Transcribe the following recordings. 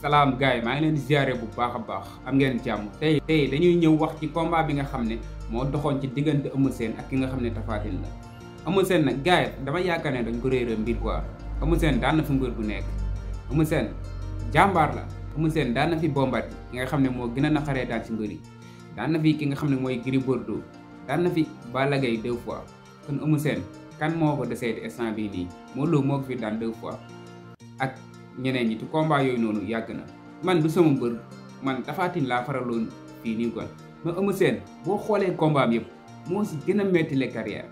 salaam gars yi maa ngi di ziare bu baax a baax ngeen jàmm tey tey dañuy ñëw wax ci combat bi nga xam ne moo doxoon ci diggante Eumeu seen ak ki nga xam ne Tapha Tine la Eumeu Sène nag gars dama yaakaar ne dañ ko réeral mbir quoi Eumeu seen daan na fi mbër bu nekk Eumeu seen jàmbaar la Eumeu seen daan na fi bombat yi nga xam ne moo gën a naqaree daan ci mbër yi daan na fi ki nga xam ne mooy Gris Bordeaux daan na fi Balla Gaye deux fois kon Eumeu Sène kan moo ko desee instant bii nii moo loo moo daan deux fois ak ñeneen ñi te combat yooyu noonu yàgg na man du sama mbër man Tapha Tine laa faraloon fii nii kon ma Eumeu boo xoolee combat am yëpp moo si gën a métti les carrières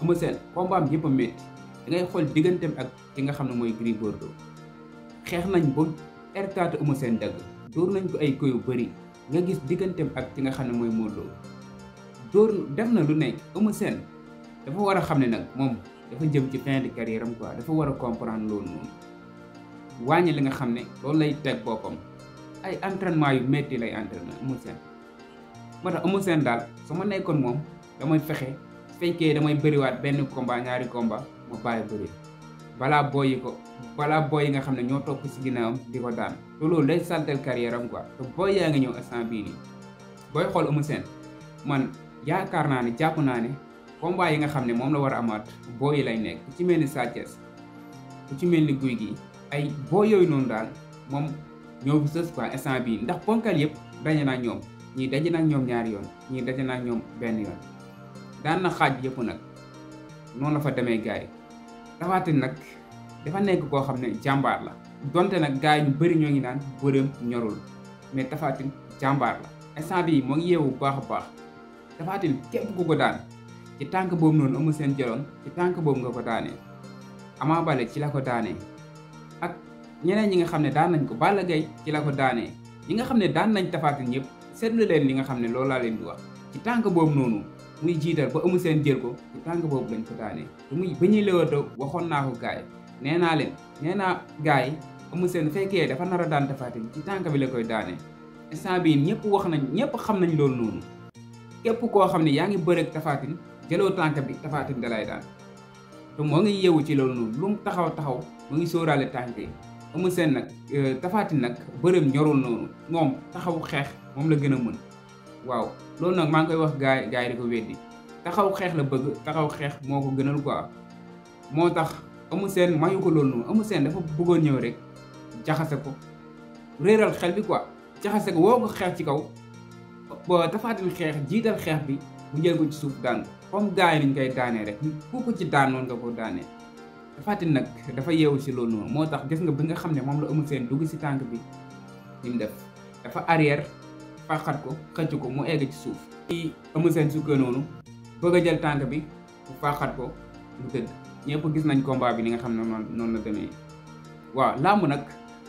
Eumeu Sène combat yëpp a métti da ngay xool digganteem ak ki nga xam ne mooy Gris Bordeaux xeex nañ ba ertaatu Eumeu Sène dagg dóor nañ ko ay koyu bari nga gis digganteem ak ki nga xam ne mooy Modou Lô dóor def na lu nekk Eumeu Sène dafa war a xam ne nag moom dafa jëm ci fin de carrière am quoi dafa war a comprendre loolu wàññi li nga xam ne loolu lay teg boppam ay entraînement yu metti lay entraîné amul seen moo tax amul seen daal su ma nekkoon moom damay fexe fekkee damay bëriwaat benn combat ñaari combat ma bàyyi balaa booy yi ko balaa booy yi nga xam ne ñoo topp si ginnaawam di ko daan loolu day saltel carrière am quoi te booy yaa ngi ñëw instant bii nii booy xool amul seen man yaakaar naa ne jàpp naa ne combat yi nga xam ne moom la war a amaat booy yi lay nekk ku ci mel ni Sa ku ci mel ni Gouye Gui ay boo yooyu noonu daal moom ñoo fi sës quoi bii ndax ponkal yëpp daje naa ñoom ñii daje naa ñoom ñaari yoon ñii daje naa ñoom benn yoon daan na xaaj yëpp nag noonu la fa demee gars yi nag dafa nekk koo xam ne jàmbaar la donte nag gars yi bëri ñoo ngi naan bëreem ñorul mais tafaatin jàmbaar la instant bii moo ngi yeewu bu baax a baax tafaatin képp ku ko daan ci tànk boobu noonu amul seen jaloon ci tànk boobu nga ko daanee Ama Baldé ci la ko daanee ak ñeneen ñi nga xam ne daan nañ ko Balla Gaye ci la ko daanee ñi nga xam ne daan nañ Tapha Tine ñëpp seetlu leen li nga xam ne loolu laa leen di wax ci tànk boobu noonu muy jiital ba Eumeu seen jël ko ci tànk boobu lañ ko daanee te muy ba ñuy léwatoo waxoon naa ko gaay nee naa leen nee naa gaay Eumeu seen fekkee dafa nar a daan Tapha ci tànk bi la koy daanee instant bii ñëpp wax nañ ñëpp xam nañ loolu noonu képp koo xam ne yaa ngi bëreeg Tapha Tine jëloo tànk bi Tapha Tine lay daan te moo ngi yeewu ci loolu noonu lu taxaw taxaw mu ngi sóoraale tànk yi Eumeu Sène nag euh, Tapha Tine nag bërëm ñorul noonu moom taxaw xeex moom la gën a mën waaw loolu nag maa ngi koy wax gaay gaay di ko weddi taxaw xeex la bëgg taxaw xeex moo ko gënal quoi moo tax Eumeu Sène mayu ko loolu noonu Eumeu Sène dafa bëggoon ñëw rek jaxase ko réeral xel bi quoi jaxase ko woo ko xeex ci kaw ba Tapha Tine xeex jiital xeex bi mu jël ko ci suuf daan comme gars yi niñ koy daanee rek ku ko ci daan noonu nga ko daanee Tapha Tine nag dafa yeewu si loolu noonu moo tax gis nga bi nga xam ne moom la Eumeu Sène dugg si tànk bi ni def dafa arrière faxat ko xëcc ko mu egg ci suuf i Eumeu Sène sukkee noonu bëgg a jël tànk bi mu faxat ko mu tëdd ñëpp gis nañ combat bi ni nga xam ne noonu noonu la demee waaw làmb nag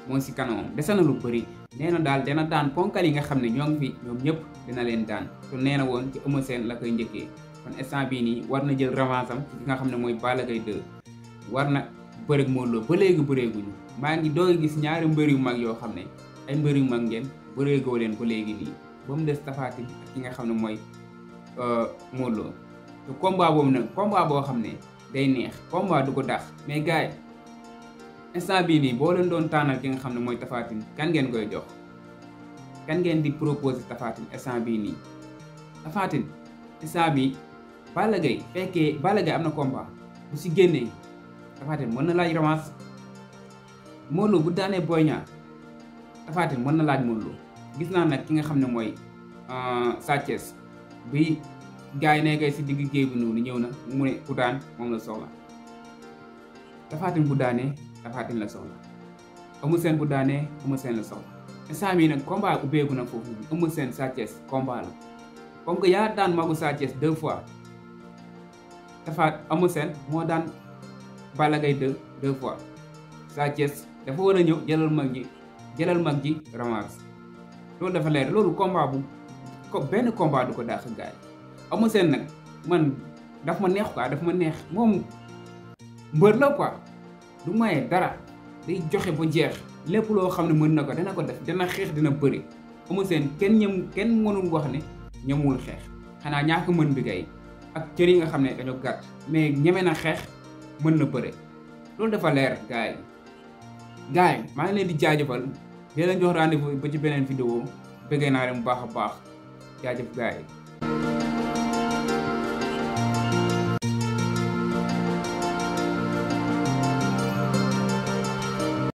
moo si kanamam dese na lu bëri nee na daal dana daan ponkal yi nga xam ne ñoom ngi fi ñoom ñëpp dina leen daan su nee na woon ci Eumeu Sène la koy njëkkee kon instant bii nii war na jël revanche ci nga xam ne mooy Balla Gaye 2 war na bëreeg Modou ba léegi bëreeguñu maa ngi doog gis ñaari mbër yu mag yoo xam ne ay mbër yu mag ngeen bëreegoo leen ba léegi nii ba mu des Tapha Tine ki nga xam ne mooy euh, Modou Lo te combat boobu nag combat boo xam ne day neex combat du ko dax mais gars instant bii nii boo leen doon tànnal ki nga xam ne mooy Tapha kan ngeen koy jox kan ngeen di propose Tapha Tine instant bii nii Tapha Tine bi bii Balla fekkee Balla Gaye am na combat bu si génnee Tapha mën na laaj revanche Modou bu daanee Boy Niang Tapha mën na laaj Modou gis naa nag ki nga xam ne mooy euh, Sa bi gars yi nekkee si digg géej bu noonu ñëw na mu ne ku daan moom la soxla Tapha bu daanee tafaatin la soxla Eumeu Sène bu daanee Eumeu la soxla instant bii nag combat ubbeeku na foofu noonu Eumeu Sène Sa Thiès combat la comme que yaa daan magu Sa Thiès fois moo daan Balla Gaye dafa war a ñëw jëlal mag ji jëlal mag ji ramas loolu dafa leer loolu combat bu ko benn combat du ko daax gaay Eumeu nag man daf ma neex quoi daf ma neex moom mbër la quoi du maye dara day joxe ba jeex lépp loo xam ne mën na ko dana ko def dana xeex dina bëri Eumeu Sène kenn ñem kenn mënul wax ne ñemul xeex xanaa ñaaka mën bi kay ak cër yi nga xam ne dañoo gàtt mais ñeme na xeex mën na bëre loolu dafa leer gars yi gars maa ngi leen di jaajëfal di leen jox rendez ba ci beneen vidéo bëggee naa leen bu baax a baax jaajëf